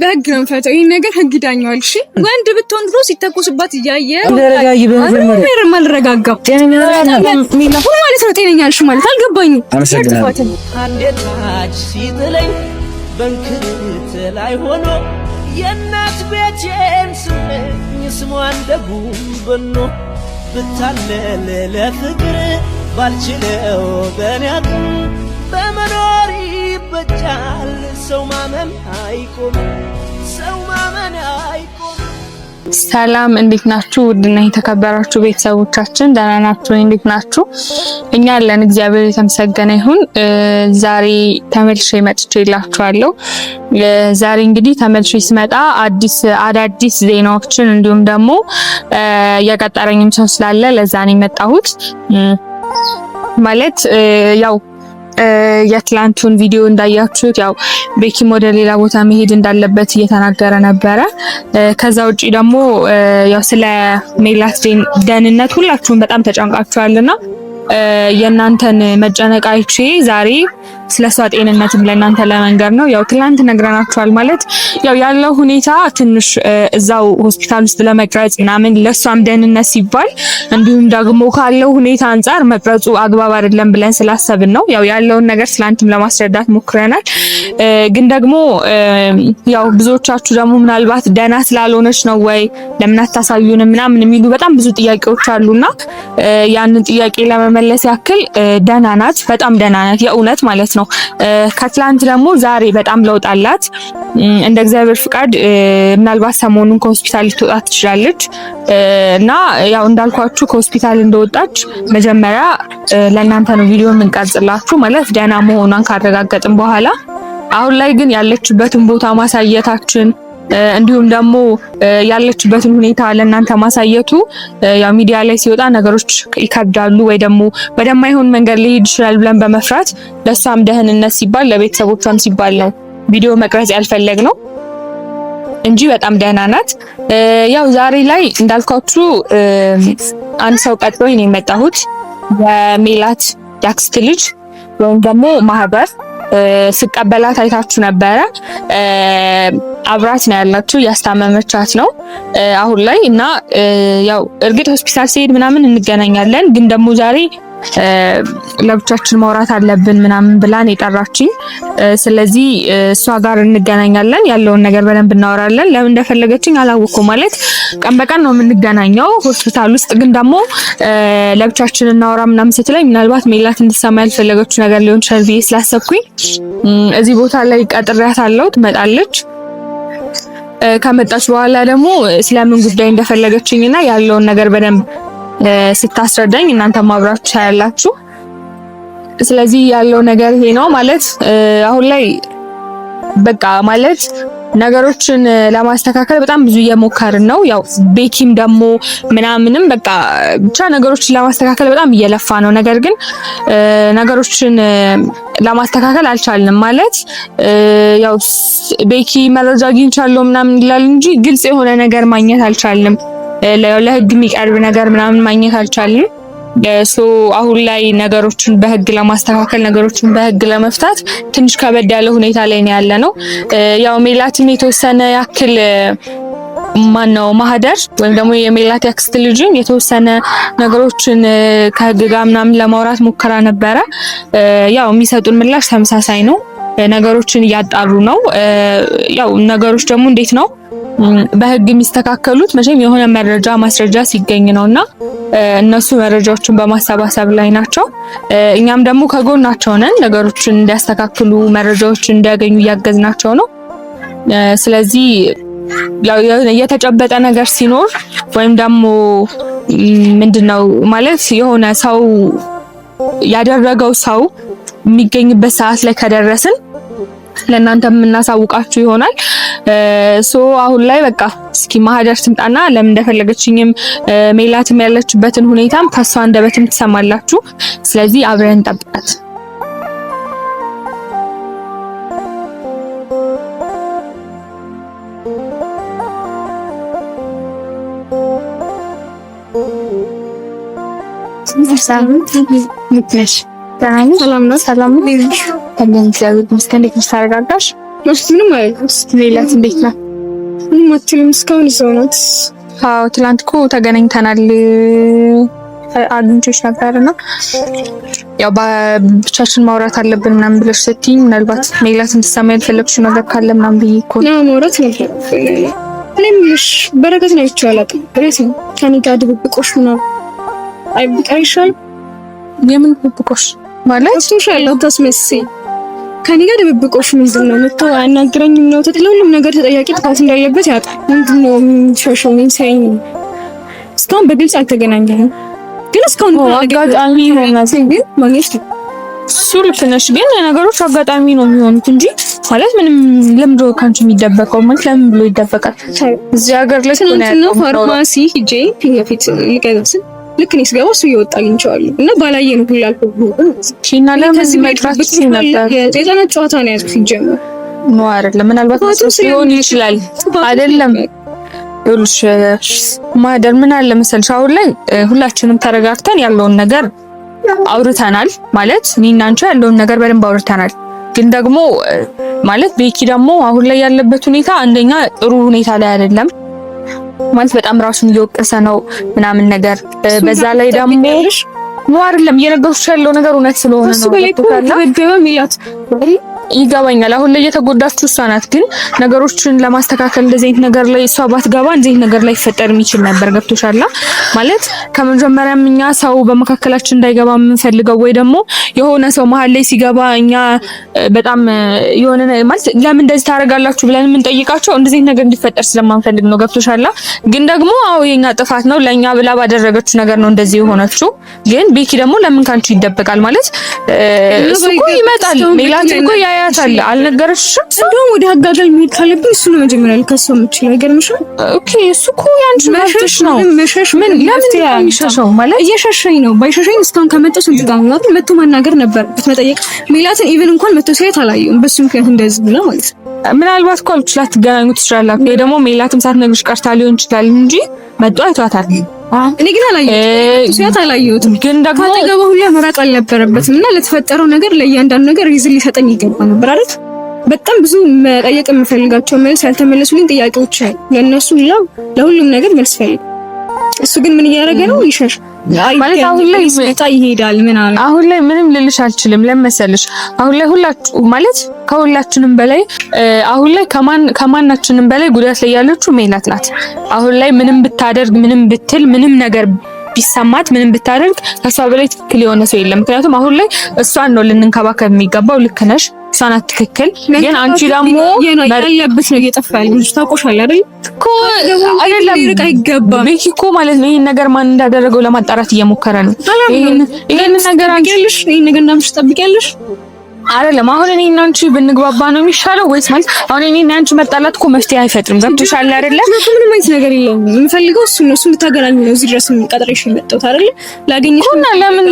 በህግ ነው የምፈታው። ይህን ነገር ህግ ይዳኘዋል። እሺ ወንድ ብትሆን ድሮ ሲተኮስባት እያየ አልረጋጋም ማለት ነው። ጤነኛ አልሽ ማለት አልገባኝም። አንድ ሲጥለኝ ላይ ሆኖ የእናት ቤቴን ለፍቅር ባልችለው በኔ አቅም በመኖር ይበጃል። ሰው ማመን አይቆም፣ ሰው ማመን አይቆም። ሰላም እንዴት ናችሁ? ውድና የተከበራችሁ ቤተሰቦቻችን ደህና ናችሁ? እንዴት ናችሁ? እኛ ለን እግዚአብሔር የተመሰገነ ይሁን። ዛሬ ተመልሼ መጥቼ እላችኋለሁ። ዛሬ እንግዲህ ተመልሼ ስመጣ አዲስ አዳዲስ ዜናዎችን እንዲሁም ደግሞ የቀጠረኝም ሰው ስላለ ለዛ ነው የመጣሁት። ማለት ያው የትላንቱን ቪዲዮ እንዳያችሁት ያው ቤኪም ወደ ሌላ ቦታ መሄድ እንዳለበት እየተናገረ ነበረ። ከዛ ውጪ ደግሞ ያው ስለ ሜላት ደህንነት ሁላችሁም በጣም ተጨንቃችኋልና የእናንተን መጨነቅ አይቼ ዛሬ ስለሷ ጤንነትም ለእናንተ ለመንገር ነው። ያው ትላንት ነግረናችኋል ማለት ያው ያለው ሁኔታ ትንሽ እዛው ሆስፒታል ውስጥ ለመቅረጽ ምናምን ለእሷም ደህንነት ሲባል እንዲሁም ደግሞ ካለው ሁኔታ አንጻር መቅረጹ አግባብ አይደለም ብለን ስላሰብን ነው። ያው ያለውን ነገር ትላንትም ለማስረዳት ሞክረናል። ግን ደግሞ ያው ብዙዎቻችሁ ደግሞ ምናልባት ደህና ስላልሆነች ነው ወይ ለምን አታሳዩን ምናምን የሚሉ በጣም ብዙ ጥያቄዎች አሉና ያንን ጥያቄ ለመመለስ ያክል ደህና ናት፣ በጣም ደህና ናት የእውነት ማለት ነው ነው። ከትላንት ደግሞ ዛሬ በጣም ለውጥ አላት። እንደ እግዚአብሔር ፍቃድ ምናልባት ሰሞኑን ከሆስፒታል ልትወጣ ትችላለች እና ያው እንዳልኳችሁ ከሆስፒታል እንደወጣች መጀመሪያ ለእናንተ ነው ቪዲዮ የምንቀርጽላችሁ ማለት ደህና መሆኗን ካረጋገጥን በኋላ አሁን ላይ ግን ያለችበትን ቦታ ማሳየታችን እንዲሁም ደግሞ ያለችበትን ሁኔታ ለእናንተ ማሳየቱ ያው ሚዲያ ላይ ሲወጣ ነገሮች ይከብዳሉ ወይ ደግሞ ወደማይሆን መንገድ ሊሄድ ይችላል ብለን በመፍራት ለእሷም ደህንነት ሲባል ለቤተሰቦቿም ሲባል ነው ቪዲዮ መቅረጽ ያልፈለግ ነው እንጂ በጣም ደህና ናት። ያው ዛሬ ላይ እንዳልኳችሁ አንድ ሰው ቀጥሮኝ ነው የመጣሁት የሜላት ያክስት ልጅ ወይም ደግሞ ማህበር ስቀበላት አይታችሁ ነበረ። አብራት ነው ያላችሁ ያስታመመቻት ነው አሁን ላይ እና ያው እርግጥ ሆስፒታል ሲሄድ ምናምን እንገናኛለን፣ ግን ደግሞ ዛሬ ለብቻችን ማውራት አለብን ምናምን ብላን የጠራችኝ። ስለዚህ እሷ ጋር እንገናኛለን፣ ያለውን ነገር በደንብ እናወራለን። ለምን እንደፈለገችኝ አላወቅኩ። ማለት ቀን በቀን ነው የምንገናኘው ሆስፒታል ውስጥ። ግን ደግሞ ለብቻችን እናወራ ምናምን ስትለኝ ምናልባት ሜላት እንድሰማ ያልፈለገችው ነገር ሊሆን ይችላል ብዬ ስላሰብኩኝ እዚህ ቦታ ላይ አለው ትመጣለች ከመጣች በኋላ ደግሞ ስለምን ጉዳይ እንደፈለገችኝና ያለውን ነገር በደንብ ስታስረዳኝ እናንተ ማብራችሁ ታያላችሁ። ስለዚህ ያለው ነገር ይሄ ነው ማለት አሁን ላይ በቃ ማለት ነገሮችን ለማስተካከል በጣም ብዙ እየሞከርን ነው። ያው ቤኪም ደግሞ ምናምንም በቃ ብቻ ነገሮችን ለማስተካከል በጣም እየለፋ ነው። ነገር ግን ነገሮችን ለማስተካከል አልቻልንም። ማለት ያው ቤኪ መረጃ አግኝቻለሁ ምናምን ይላል እንጂ ግልጽ የሆነ ነገር ማግኘት አልቻልንም። ለህግ የሚቀርብ ነገር ምናምን ማግኘት አልቻልንም። ሶ አሁን ላይ ነገሮችን በህግ ለማስተካከል ነገሮችን በህግ ለመፍታት ትንሽ ከበድ ያለ ሁኔታ ላይ ነው ያለ ነው። ያው ሜላትም የተወሰነ ያክል ነው ማህደር ወይም ደግሞ የሜላት ያክስት ልጅም የተወሰነ ነገሮችን ከህግ ጋር ምናምን ለማውራት ሙከራ ነበረ። ያው የሚሰጡን ምላሽ ተመሳሳይ ነው። ነገሮችን እያጣሩ ነው። ያው ነገሮች ደግሞ እንዴት ነው በህግ የሚስተካከሉት መቼም የሆነ መረጃ ማስረጃ ሲገኝ ነው እና እነሱ መረጃዎችን በማሰባሰብ ላይ ናቸው። እኛም ደግሞ ከጎናቸው ነን። ነገሮችን እንዲያስተካክሉ መረጃዎችን እንዲያገኙ እያገዝናቸው ነው። ስለዚህ የተጨበጠ ነገር ሲኖር ወይም ደግሞ ምንድነው ማለት የሆነ ሰው ያደረገው ሰው የሚገኝበት ሰዓት ላይ ከደረስን ለእናንተ የምናሳውቃችሁ ይሆናል። ሶ አሁን ላይ በቃ እስኪ ማህደር ትምጣና ለምን እንደፈለገችኝም ሜላትም ያለችበትን ሁኔታም ከሷ አንደበትም ትሰማላችሁ። ስለዚህ አብረን እንጠብቃት። ሰላም ነው። ሰላም ነው። ከእንደዚህ እግዚአብሔር ይመስገን። እንዴት ነሽ? ታረጋጋሽ? እሱ ምንም ሌላት እንዴት ናት? ምንም አትልም። እስካሁን ይዘው ናት። አዎ ትላንት እኮ ተገናኝተናል። አግኝቼሽ ነበር እና ያው ብቻችን ማውራት አለብን ምናምን ብለሽ ስትይኝ ምናልባት ሜላት እንድትሰማ ያልፈለግሽው ነገር ካለ ምናምን ብዬሽ እኮ ነው። ማውራት ነበር እኔ ምሽ በረከት ነው ብቻ አላውቅም። ሬስ ከኔ ጋር ድብብቆሽ ምናምን አይብቃ ይሻል። የምን ድብብቆሽ ማለት ሶሻል ታስመስይ ከኔ ጋር ድብብቆሽ ምንድን ነው መጥቶ አናግረኝ ነው ተጥሎ ሁሉም ነገር ተጠያቂ ጥፋት እንዳለበት ያውቃል። ምንድን ነው ሸሸው ምን ሳይኝ እስካሁን በግልጽ አልተገናኘንም፣ ግን እስካሁን አጋጣሚ ሆናል ግን ማግኘት እሱ ልክ ነሽ፣ ግን ነገሮች አጋጣሚ ነው የሚሆኑት እንጂ ማለት ምንም ለምዶ ካንቺ የሚደበቀው ማለት ለምን ብሎ ይደበቃል? እዚህ ሀገር ላይ ፋርማሲ ሂጄ ፊት ለፊት ሊቀጥል ልክ እኔ ስገባ እሱ እየወጣ አግኝቼዋለሁ እና ባላየ ነው ሁላ የህፃናት ጨዋታ ነው ያዝኩት። ሲጀመር ኖ አይደለም፣ ምናልባት ሊሆን ይችላል አይደለም ይሉሽ ማደር ምን አለ መሰልሽ፣ አሁን ላይ ሁላችንም ተረጋግተን ያለውን ነገር አውርተናል ማለት እኔና አንቺ ያለውን ነገር በደንብ አውርተናል። ግን ደግሞ ማለት ቤኪ ደግሞ አሁን ላይ ያለበት ሁኔታ አንደኛ ጥሩ ሁኔታ ላይ አይደለም። ማለት በጣም ራሱን እየወቀሰ ነው ምናምን ነገር በዛ ላይ ደግሞ ነው አይደለም እየነገሩሽ ያለው ነገር እውነት ስለሆነ ነው ይገባኛል። አሁን ላይ የተጎዳችሁ እሷ ናት። ግን ነገሮችን ለማስተካከል እንደዚህ አይነት ነገር ላይ እሷ ባትገባ እንደዚህ አይነት ነገር ላይ ፈጠር የሚችል ነበር። ገብቶሻላ ማለት ከመጀመሪያም እኛ ሰው በመካከላችን እንዳይገባ የምንፈልገው ወይ ደግሞ የሆነ ሰው መሀል ላይ ሲገባ እኛ በጣም የሆነ ማለት ለምን እንደዚህ ታደርጋላችሁ ብለን የምንጠይቃቸው እንደዚህ ነገር እንዲፈጠር ስለማንፈልግ ነው። ገብቶሻላ ግን ደግሞ አዎ የኛ ጥፋት ነው። ለእኛ ብላ ባደረገችው ነገር ነው እንደዚህ የሆነችው። ግን ቤኪ ደግሞ ለምን ካንቺ ይደበቃል ማለት እሱ እኮ ይመጣል ሜላት እኮ ታያታለህ። አልነገረሽም? እንደውም ወደ አጋጋኝ መሄድ ካለብኝ እሱ ነው መጀመሪያ ልከሰው የምችለው። አይገርምሽም? ኦኬ፣ እሱ እኮ ያንቺ መብትሽ ነው። መሸሽ ምን ለምን ማለት እየሸሸኝ ነው። ባይሸሸኝ እስካሁን ከመጣሽ እንትጋም ነው መጥቶ ማናገር ነበር መጠየቅ። ሜላትን ኢቭን እንኳን መጥቶ ሲያየት አላየሁም። በሱ ምክንያት እንደዚህ ብለ ማለት ነው። ምናልባት እኮ አልችላት ትገናኙ ትችላላችሁ። ወይ ደግሞ ሜላትም ሳትነግርሽ ቀርታ ሊሆን ይችላል እንጂ መጥቶ አይቷታል። እኔ ግን አላየሁትም። ሲያት አላየሁትም፣ ግን ደግሞ ካጠገቡ መራቅ አልነበረበትም እና ለተፈጠረው ነገር ለእያንዳንዱ ነገር ሪዝን ሊሰጠኝ ይገባ ነበር አይደል? በጣም ብዙ መጠየቅ የምፈልጋቸው መልስ ያልተመለሱልኝ ጥያቄዎች አሉ። ለእነሱ ሁላ ለሁሉም ነገር መልስ ፈልግ። እሱ ግን ምን እያደረገ ነው? ይሸሽ ማለት አሁን ላይ ይሄዳል ምናምን አሁን ላይ ምንም ልልሽ አልችልም። ለመሰልሽ አሁን ላይ ሁላችሁ ማለት ከሁላችንም በላይ አሁን ላይ ከማን ከማናችንም በላይ ጉዳት ላይ ያለችው ሜላት ናት። አሁን ላይ ምንም ብታደርግ፣ ምንም ብትል፣ ምንም ነገር ቢሰማት፣ ምንም ብታደርግ ከሷ በላይ ትክክል የሆነ ሰው የለም። ምክንያቱም አሁን ላይ እሷን ነው ልንንከባከብ የሚገባው። ልክ ነሽ ሳና ትክክል። ግን አንቺ ደግሞ ያለብሽ ነው እየጠፋ ያለ ልጅ ታውቆሻል አይደል እኮ አይደለም ልቅ አይገባም። ቤኪ እኮ ማለት ነው ይሄን ነገር ማን እንዳደረገው ለማጣራት እየሞከረ ነው። ይሄን ነገር አንቺ ይሄን ነገር እንዳምሽ ትጠብቂያለሽ አይደለም አሁን እኔ እና አንቺ ብንግባባ ነው የሚሻለው ወይስ ማለት አሁን እኔ እና አንቺ መጣላት እኮ መፍትሄ አይፈጥርም። ገብቶሻል አይደለ? ምንም አይነት ነገር የለም። የምፈልገው እሱ ነው። እሱ ብታገናኙ ነው እዚህ ድረስ ቀጥሬሽ የመጣሁት አይደለ? ላገኝሽ እና ለምን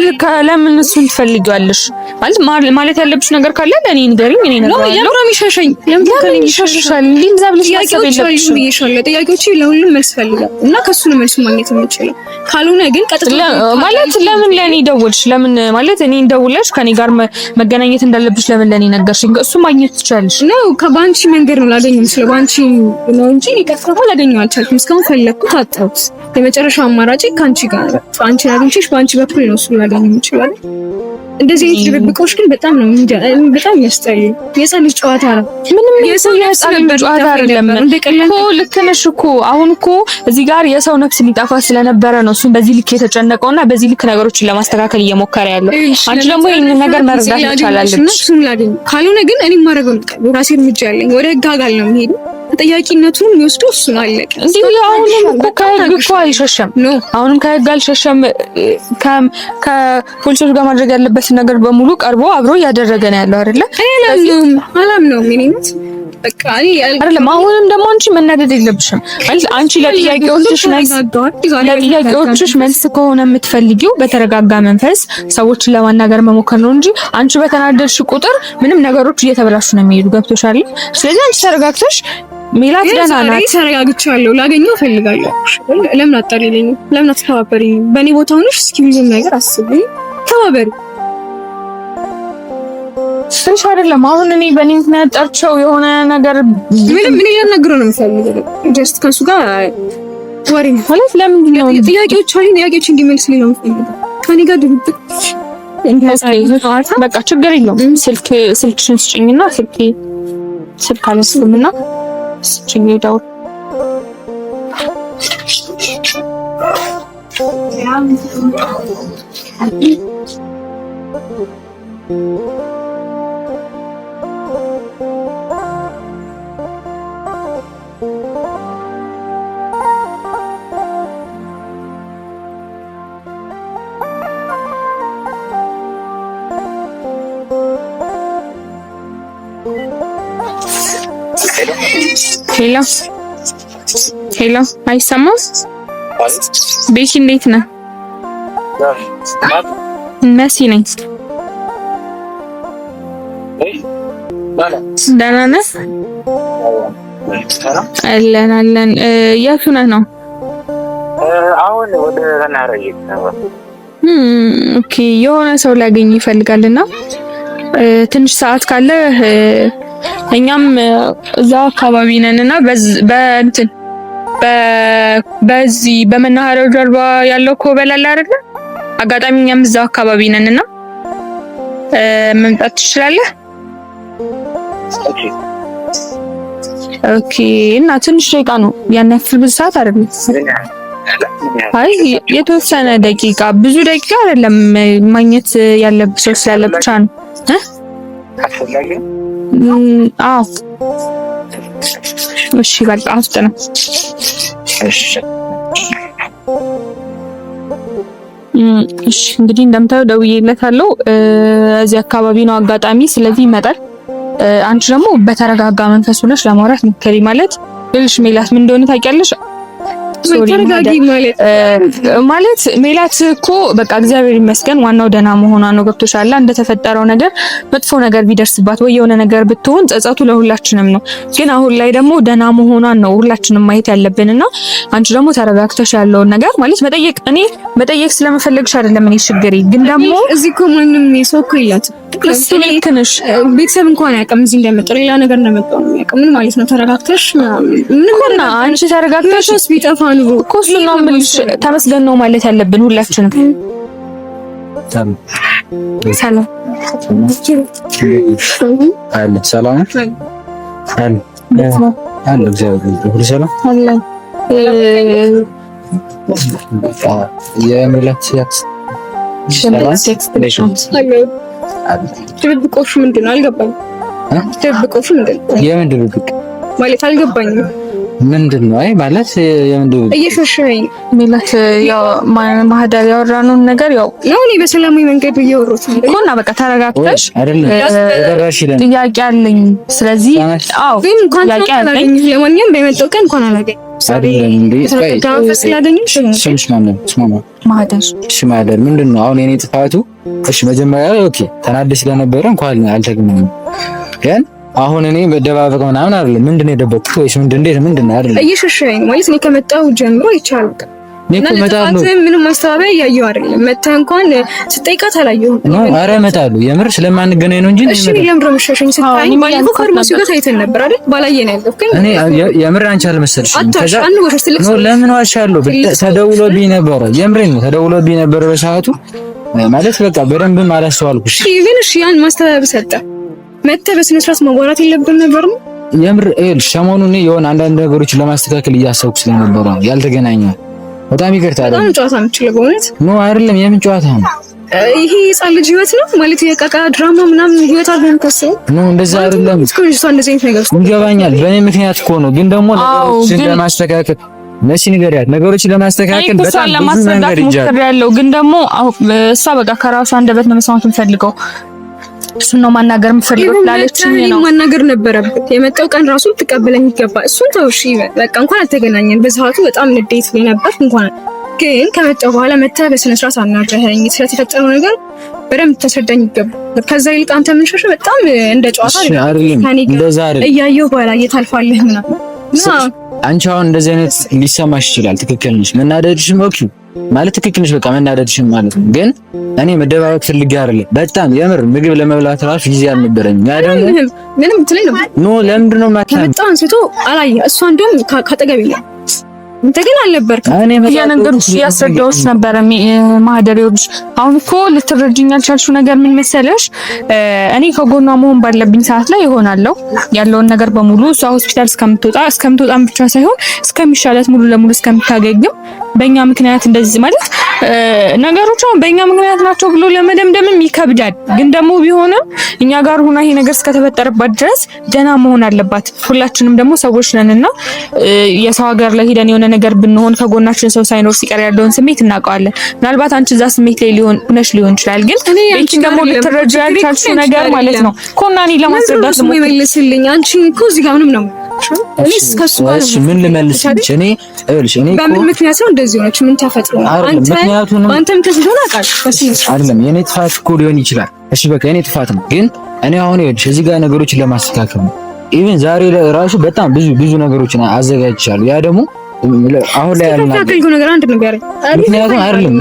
ለምን እሱን ትፈልጊዋለሽ? ማለት ማለት ያለብሽ ነገር ካለ ለእኔ ንገሪኝ። እኔ ነገር ነው ለምን የሚሸሸኝ? ለምን ይሸሽሻል? ሊንዛ ብለሽ ያሰብ የለብሽ ብዬሻለሁ። ጥያቄዎቼ ለሁሉም መልስ ፈልጋለሁ እና ከሱ ነው መልስ ማግኘት የምችለው። ካልሆነ ግን ቀጥታ ማለት ለምን ለእኔ ደውልሽ? ለምን ማለት እኔ እንደውልሽ ከኔ ጋር መገናኘት እንዳለ እንዳለብሽ ለምን ለኔ ነገርሽኝ? እሱ ማግኘት ትችላለሽ ነው። ከባንቺ መንገድ ነው ላገኘው የምችለው ባንቺ ነው እንጂ እኔ ከፍራው ላገኘው አልቻልኩም። እስካሁን ፈለግኩት አጣሁት። የመጨረሻ አማራጭ ከአንቺ ጋር ባንቺ አግኝቼሽ ባንቺ በኩል ነው እሱ ላገኘው የምችለው እንደዚህ አይነት ድብብቆች ግን በጣም ነው በጣም ያስጠላል። የሰው ልጅ ጨዋታ ነው። ምንም የሰው ነበር ጨዋታ አይደለም እኮ ልክ ነሽ እኮ አሁን እኮ እዚህ ጋር የሰው ነፍስ ሊጠፋ ስለነበረ ነው እሱም በዚህ ልክ የተጨነቀውና በዚህ ልክ ነገሮችን ለማስተካከል እየሞከረ ያለው። አንቺ ደግሞ ይሄን ነገር መረዳት ይቻላል። ካልሆነ ግን እኔ ማረገው ነው ራሴ እርምጃ ያለኝ ወደ ህግ አጋል ነው የሚሄድ ተጠያቂነቱን የሚወስደው እሱን አለቀ። እንዲሁ አሁንም ከህግ እኮ አይሸሸም። አሁንም ከህግ አልሸሸም። ከፖሊሶች ጋር ማድረግ ያለበትን ነገር በሙሉ ቀርቦ አብሮ እያደረገ ነው ያለው አይደለ? አላምነውም ነው ኔነት በቃ አይደለም። አሁንም ደግሞ አንቺ መናደድ የለብሽም። አንቺ ለጥያቄዎችሽ መልስ ለጥያቄዎችሽ መልስ ከሆነ የምትፈልጊው በተረጋጋ መንፈስ ሰዎችን ለማናገር መሞከር ነው እንጂ አንቺ በተናደድሽ ቁጥር ምንም ነገሮች እየተበላሹ ነው የሚሄዱ። ገብቶሻል? ስለዚህ አንቺ ተረጋግተሽ ሜላት ደህና ናት። ተረጋግቻለሁ። ላገኘው እፈልጋለሁ። ለምን አጣሪልኝ? ለምን አትተባበሪ? በእኔ ቦታ ሆነሽ እስኪ ብዙ ነገር አስቢ፣ ተባበሪ። ትንሽ አይደለም። አሁን እኔ በእኔ ምክንያት ጠርቸው የሆነ ነገር ምንም እኔ ላናግረው ነው የምፈልገው። ጀስት ከሱ ጋር ወሬ ማለት ለምንድን ነው ጥያቄዎች አሉ። ጥያቄዎች እንዲመልስልኝ ነው የምፈልገው ከኔ ጋር ድብቅ በቃ ችግር የለውም። ስልክ ስልክሽን ስጭኝና ስልክ ስልክ አልወስድም string it out. And ሄሎ ሄሎ፣ አይሰማም? ቤኪ እንዴት ነህ? መሲ ነኝ። ደህና ነህ? አለን አለን። የቱ ነህ ነው? አሁን ወደ ኦኬ፣ የሆነ ሰው ላገኝ ይፈልጋልና ትንሽ ሰዓት ካለ እኛም እዛ አካባቢ ነን እና በእንትን በዚህ በመናኸሪያው ጀርባ ያለው ኮበል አለ አይደለ? አጋጣሚ እኛም እዛ አካባቢ ነን እና መምጣት ትችላለህ? ኦኬ። እና ትንሽ ደቂቃ ነው ያን ያክል ብዙ ሰዓት አይደለም። አይ የተወሰነ ደቂቃ ብዙ ደቂቃ አይደለም ማግኘት ያለብህ ሰው ስላለ ብቻ ነው። አስፈላጊ አዎ። እሺ በጣም ውስጥ ነው። እሺ እንግዲህ እንደምታየው ደውዬለታለሁ። እዚህ አካባቢ ነው አጋጣሚ፣ ስለዚህ ይመጣል። አንቺ ደግሞ በተረጋጋ መንፈስ ሆነሽ ለማውራት ሞክሪ። ማለት ልልሽ ሜላት ምን እንደሆነ ታውቂያለሽ ማለት ሜላት እኮ በቃ እግዚአብሔር ይመስገን ዋናው ደህና መሆኗ ነው። ገብቶሻል። እንደተፈጠረው ነገር መጥፎ ነገር ቢደርስባት ወይ የሆነ ነገር ብትሆን ጸጸቱ ለሁላችንም ነው። ግን አሁን ላይ ደግሞ ደህና መሆኗን ነው ሁላችንም ማየት ያለብን እና አንቺ ደግሞ ተረጋግተሽ ያለውን ነገር ማለት መጠየቅ እኔ መጠየቅ ስለመፈለግሽ አይደለም እኔ ችግሬ ግን ደግሞ እዚህ እኮ ምንም ሰው እኮ የላትም። ቤተሰብ እንኳን አያውቅም እዚህ እንደመጣሁ ሌላ ነገር እንደመጣሁ ነው ማለት ነው ተረጋግተሽ ምንም አንቺ ተረጋግተሽ ቢጠፋ ኑሮ እኮ እሱን ነው የምልሽ። ተመስገን ነው ማለት ያለብን ሁላችንም። ሰላም አለ ሰላም አለ እግዚአብሔር ሁሉ ሰላም አለ። የምላት ያክስ ድብብቆሹ ምንድን ነው አልገባኝም። ድብብቆሹ ምንድን ነው የምን ድብብቅ ማለት አልገባኝም። ምንድን ነው? አይ ማለት እየሸሸኝ ሚላት ያው ማህደር ያወራነውን ነገር ያው ነው። እኔ በሰላማዊ መንገድ እየወሩት እኮ እና በቃ ተረጋግተሽ ጥያቄ አለኝ። ስለዚህ አዎ ጥያቄ አለኝ። ለማንኛውም በመጣው ቀን እንኳን አላገኝ ማህደር ምንድን ነው አሁን የኔ ጥፋቱ? እሺ መጀመሪያ ላይ ኦኬ ተናደሽ ስለነበረ እንኳን አልተገኘም ግን አሁን እኔ መደባበቅ ምናምን አይደለም። ምንድን ነው የደበቅኩት? ወይስ ምንድን እንዴት ምንድን አይደለም እየሸሸኝ ወይስ እኔ ከመጣሁ ጀምሮ ይቻላል። እኔ እኮ እመጣለሁ ምንም ማስተባበያ እያየሁ አይደለም። መጣህ እንኳን ስጠይቃት አላየሁም። ኧረ እመጣለሁ የምር ስለማንገናኝ ነው እንጂ እሺ፣ የምር መሸሸኝ ስታይ ባለፈው ፋርማሲው ጋር ታይተን ነበር አይደል? ባላየን ያለፍከኝ እኔ የምር አንቺ አልመሰልሽም። ከዛ ነው ለምን ዋሻለሁ? ተደውሎብኝ ነበረ። የምሬን ነው ተደውሎብኝ ነበረ በሰዓቱ ማለት በቃ በደንብም አላስተዋልኩሽ። እሺ ግን እሺ ያን ማስተባበያ ሰጠ መተ በስነ ስርዓት ማዋራት የለብን ነበር ነው የምር እል ሰሞኑን የሆነ አንዳንድ ነገሮችን ለማስተካከል እያሰብኩ ስለነበረ ያልተገናኘው በጣም ይቅርታ። አይደለም ጨዋታ የምችለው በእውነት ነው አይደለም። የምን ጨዋታ ነው ይሄ? የጻን ልጅ ህይወት ነው ማለት የቀቃ ድራማ ምናምን ህይወት አድርገን ከሰው ነው እንደዛ አይደለም። እስከዚህ ሰው እንደዚህ አይነት ነገር ነው ይገባኛል። በእኔ ምክንያት እኮ ነው። ግን ደግሞ ነገሮችን ለማስተካከል መሲ ንገሪያት ነገሮችን ለማስተካከል በጣም ብዙ ነገር ይጃል ያለው ግን ደግሞ እሷ በቃ ከራሷ አንደበት ነው መስማት የምፈልገው እሱን ነው ማናገር የምፈልገው ስላለችኝ ነው ማናገር ነበረበት። የመጣው ቀን ራሱ ልትቀበለኝ ይገባ። እሱን ተውሽ በቃ እንኳን አልተገናኘን። በሰዓቱ በጣም ንዴት ላይ ነበር። እንኳን ግን ከመጣው በኋላ መተህ በስነ ስርዓት አናግረኸኝ ስለተፈጠረው ነገር በደንብ ልታስረዳኝ ይገባ። ከዛ ይልቅ አንተ ምን የምንሸሸ በጣም እንደ ጨዋታ እያየሁ በኋላ እየታልፋለህ ምናምን አንቺ አሁን እንደዚህ አይነት ሊሰማሽ ይችላል። ትክክል ነሽ። መናደድሽም ኦኬ ማለት ትክክል ነሽ፣ በቃ መናደድሽም ማለት ነው። ግን እኔ መደባበቅ ፈልጌ አይደለም። በጣም የምር ምግብ ለመብላት ራሱ ጊዜ አልነበረኝ። ያ ደግሞ ምንም ትለኝ ነው። ኖ ለምንድን ነው ማታ በጣም አንስቶ አላየ እሷ እንደውም ካጠገብ ይላል አንተ ግን አልነበርክም። እየነገሩሽ እያስረዳሁሽ ነበረ ማህደር። ይኸውልሽ አሁን እኮ ልትረጅኝ ያልቻልሽው ነገር ምን መሰለሽ፣ እኔ ከጎኗ መሆን ባለብኝ ሰዓት ላይ እሆናለሁ። ያለውን ነገር በሙሉ እሷ ሆስፒታል እስከምትወጣ እስከምትወጣም ብቻ ሳይሆን እስከሚሻላት ሙሉ ለሙሉ እስከምታገግም፣ በእኛ ምክንያት እንደዚህ ማለት ነገሮች አሁን በእኛ ምክንያት ናቸው ብሎ ለመደምደምም ይከብዳል። ግን ደግሞ ቢሆንም እኛ ጋር ሆና ይሄ ነገር እስከተፈጠረባት ድረስ ደህና መሆን አለባት። ሁላችንም ደግሞ ሰዎች ነንና የሰው ሀገር ላይ ሄደን የሆነ የሆነ ነገር ብንሆን ከጎናችን ሰው ሳይኖር ሲቀር ያለውን ስሜት እናውቀዋለን። ምናልባት አንቺ እዛ ስሜት ላይ ሊሆን ሁነሽ ሊሆን ይችላል፣ ግን ቤቲ ደግሞ ልትረጃ ያልቻልሽው ነገር ማለት ነው እኮ እኔ ለማስረዳት ነው ይመልስልኝ አንቺ እኮ እዚህ ጋር ምንም ነው ምን ልመልስልሽ? እኔ እልሽ እኔ በምን ምክንያት ነው እንደዚህ ሆነች? ምን ተፈጥሮ ነው? አንተ አንተም ከዚህ ሆነ አቃል አይደለም። የኔ ጥፋት እኮ ሊሆን ይችላል። እሺ በቃ የኔ ጥፋት ነው፣ ግን እኔ አሁን እልሽ እዚህ ጋር ነገሮችን ለማስተካከል ነው። ኢቭን ዛሬ ራሱ በጣም ብዙ ብዙ ነገሮችን አዘጋጅቻለሁ። ያ ደግሞ አሁን ላይ ምክንያቱም አይደለም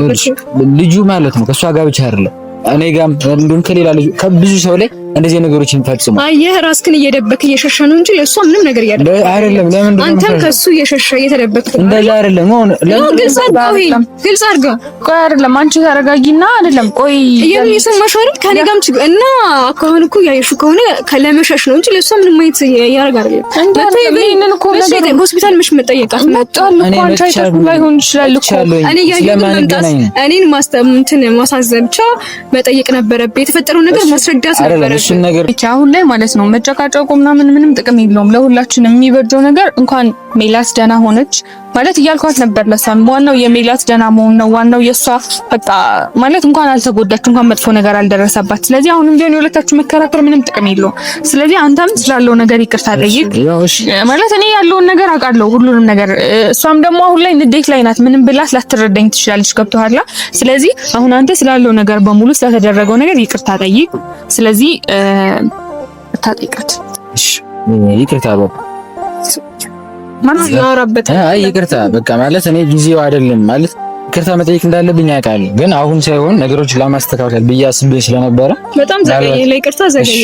ልጁ ማለት ነው ከእሷ ጋር ብቻ አይደለም እኔ ጋርም እንዲሁም ከሌላ ልጅ ከብዙ ሰው ላይ እንደዚህ ነገሮችን ፈጽሙ። አየህ ራስክን እየደበክ እየሸሸ ነው እንጂ ለእሷ ምንም ነገር እያደረገ አይደለም። ለምን አንተም ከሱ እየሸሸ እየተደበክ እንደዚህ አይደለም። ለምን ግልጽ አድርገው። ቆይ አይደለም አንቺ ተረጋጊና፣ አይደለም ቆይ የሚሰማሽ አይደል? ከኔ ጋርም ችግር እና አሁን እኮ እያየሽው ከሆነ ለመሸሽ ነው እንጂ ለእሷ ምንም አይነት እያደረገ አይደለም። ይሄንን እኮ ነገር ሆስፒታል መች መጠየቃት መጣል እኮ አንቺ አይተሽ ላይሆን ይችላል እኮ እኔ እያየሁት መምጣት እኔን ማስተ እንትን ማሳዘን ብቻ መጠየቅ ነበረብህ። የተፈጠረውን ነገር ማስረዳት ነበረብህ። እሺን ነገር ብቻ አሁን ላይ ማለት ነው መጨቃጨቁ ምናምን ምንም ጥቅም የለውም። ለሁላችን የሚበጀው ነገር እንኳን ሜላስ ደህና ሆነች ማለት እያልኳት ነበር። ለሷም ዋናው የሜላት ደህና መሆን ነው። ዋናው የእሷ በቃ ማለት እንኳን አልተጎዳች፣ እንኳን መጥፎ ነገር አልደረሰባት። ስለዚህ አሁንም ቢሆን የሁለታችሁ መከራከር ምንም ጥቅም የለው። ስለዚህ አንተም ስላለው ነገር ይቅርታ ጠይቅ። ማለት እኔ ያለውን ነገር አውቃለሁ፣ ሁሉንም ነገር። እሷም ደግሞ አሁን ላይ ንዴት ላይ ናት። ምንም ብላት ላትረዳኝ ትችላለች። ገብቶሃል? ስለዚህ አሁን አንተ ስላለው ነገር በሙሉ ስለተደረገው ነገር ይቅርታ ጠይቅ። ስለዚህ ታጠይቃት፣ ይቅርታ አይ ይቅርታ በቃ ማለት እኔ ጊዜው አይደለም ማለት ይቅርታ መጠየቅ እንዳለብኝ አውቃለሁ፣ ግን አሁን ሳይሆን ነገሮች ለማስተካከል ብዬ አስቤ ስለነበረ በጣም ዘገየ። ለይቅርታ ዘገየ።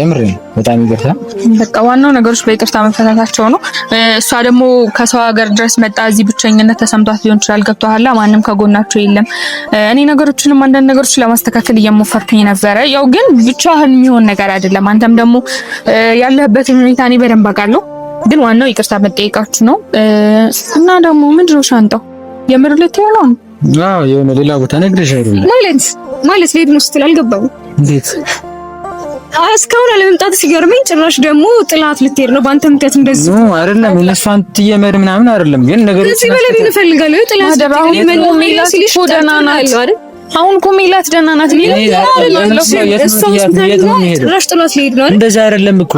የምር በጣም ይቅርታ። በቃ ዋናው ነገሮች በይቅርታ መፈታታቸው ነው። እሷ ደግሞ ከሰው ሀገር ድረስ መጣ፣ እዚህ ብቸኝነት ተሰምቷት ሊሆን ይችላል። ገብቶሃል? ማንም ከጎናቸው የለም። እኔ ነገሮችንም አንዳንድ ነገሮች ለማስተካከል እየሞከርኩኝ ነበረ። ያው ግን ብቻህን የሚሆን ነገር አይደለም። አንተም ደግሞ ያለህበትን ሁኔታ እኔ በደንብ አውቃለሁ። ግን ዋናው ይቅርታ መጠየቃችሁ ነው። እና ደግሞ ምንድን ነው ሻንጣው የምር ልትይው ነው? አዎ የሆነ ሌላ ቦታ ነግሬሽ አይደለም ማለት ማለት ልሄድ ነው ስትል አልገባም። እንዴት እስካሁን አለመምጣት ሲገርመኝ፣ ጭራሽ ደግሞ ጥላት ልትሄድ ነው በአንተ ምክንያት። እንደዚህ ነው አይደለም ለሷን ትየመድ ምናምን አይደለም ግን ነገር እዚህ በለብን ምን እፈልጋለሁ ጥላት ደባሁን ምን ምን ሲልሽ ጎዳና ናት አይደል አሁን እኮ ሜላት ደህና ናት። ጭራሽ ጥሏት ሊሄድ ነው። እንደዛ አይደለም እኮ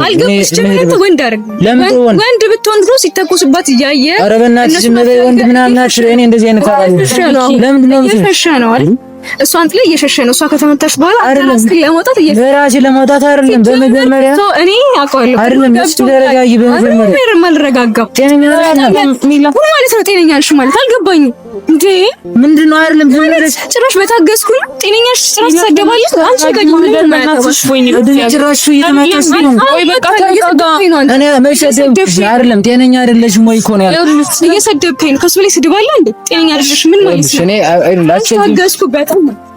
ወንድ ብትሆን ድሮ ሲተኮስባት እያየ ኧረ በእናትሽ ዝም በይ ወንድ ምናምን አትሽሪ። እኔ እንደዚህ አይነት ነው ነው አይደል? እሷን ጥላ እየሸሸ ነው። እሷ ከተመታሽ በኋላ አይደለም ለመውጣት እየ በራሴ ለመውጣት አይደለም። በመጀመሪያ እኔ አይደለም ምንም ጤነኛ ማለት ነው። ጤነኛ ነሽ ማለት አልገባኝም እንዴ ምንድን ነው? አይደለም ዝም ጭራሽ በታገስኩኝ ጤነኛሽ ስራ ትሰደባለሽ። አንቺ ጋር ነው የማያታወሽ ወይ ነው ጭራሽ እየተመታሽ ነው ወይ? በቃ ተረጋጋ። እኔ መሸደብ አይደለም ጤነኛ አይደለሽም ወይ እኮ ነው ያልኩት። እየሰደብከኝ ነው። ከሱ ላይ ስድብ አለ እንዴ? ጤነኛ አይደለሽም ምን ማለት ነው? እኔ አይ ላቸው ታገስኩ በጣም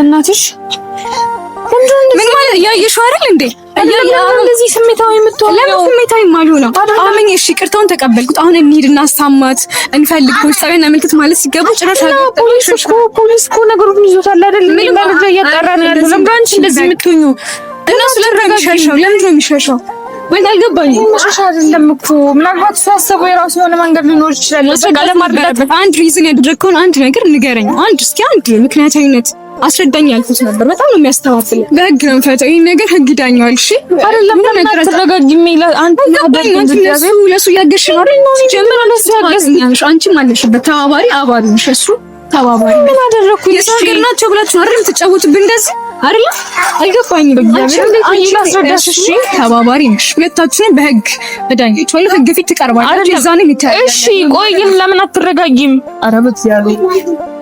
በእናትሽ ምን ማለት እያየሽው አይደል እንዴ? እንደዚህ ስሜታዊ የምትሆነው ለምን ስሜታዊ ማሉ ነው? አመኝ እሺ፣ ቅርታውን ተቀበልኩት። አሁን እንሂድና አሳማት እንፈልግ፣ ፖሊስ ጣቢያ እናመልክት ማለት ሲገቡ ጭራሽ አለ። ፖሊስ እኮ ፖሊስ እኮ ነገሩን ይዞታል አይደል? ምን ማለት ነው? እያጣራ ነው ያለው። ለምን አንቺ እንደዚህ የምትሆኙ? እና ለምን የሚሸሸው? ለምን ነው የሚሸሸው? ወይ አልገባኝ። መሸሻ አይደለም እኮ ምናልባት እሱ ያሰበው የራሱ የሆነ መንገድ ሊኖር ይችላል። አንድ ሪዝን ያደረግከውን አንድ ነገር ንገረኝ። አንድ እስኪ አንድ ምክንያታዊነት አስረዳኝ ያልኩት ነበር። በጣም ነው የሚያስተባብለው። በህግ ነው የምፈጨው። ይሄን ነገር ህግ ዳኛዋል። እሺ አይደለም ምን ነገር ተረጋግሜ አንተ ነው ለሱ ለሱ አንቺም አለሽበት ተባባሪ አባል ነሽ። እሱ ተባባሪ ምን አደረኩኝ? ነገር ናቸው ብላችሁ አይደል ትጫወትብን እንደዚህ አይደል? አይገባኝ። በእግዚአብሔር አንቺ ላስረዳሽ። እሺ ተባባሪ ነሽ። ሁለታችሁን በህግ እዳኛችሁ ወይ ህግ ፊት ትቀርባለች። እሺ ቆይ ለምን አትረጋጊም? ኧረ በእግዚአብሔር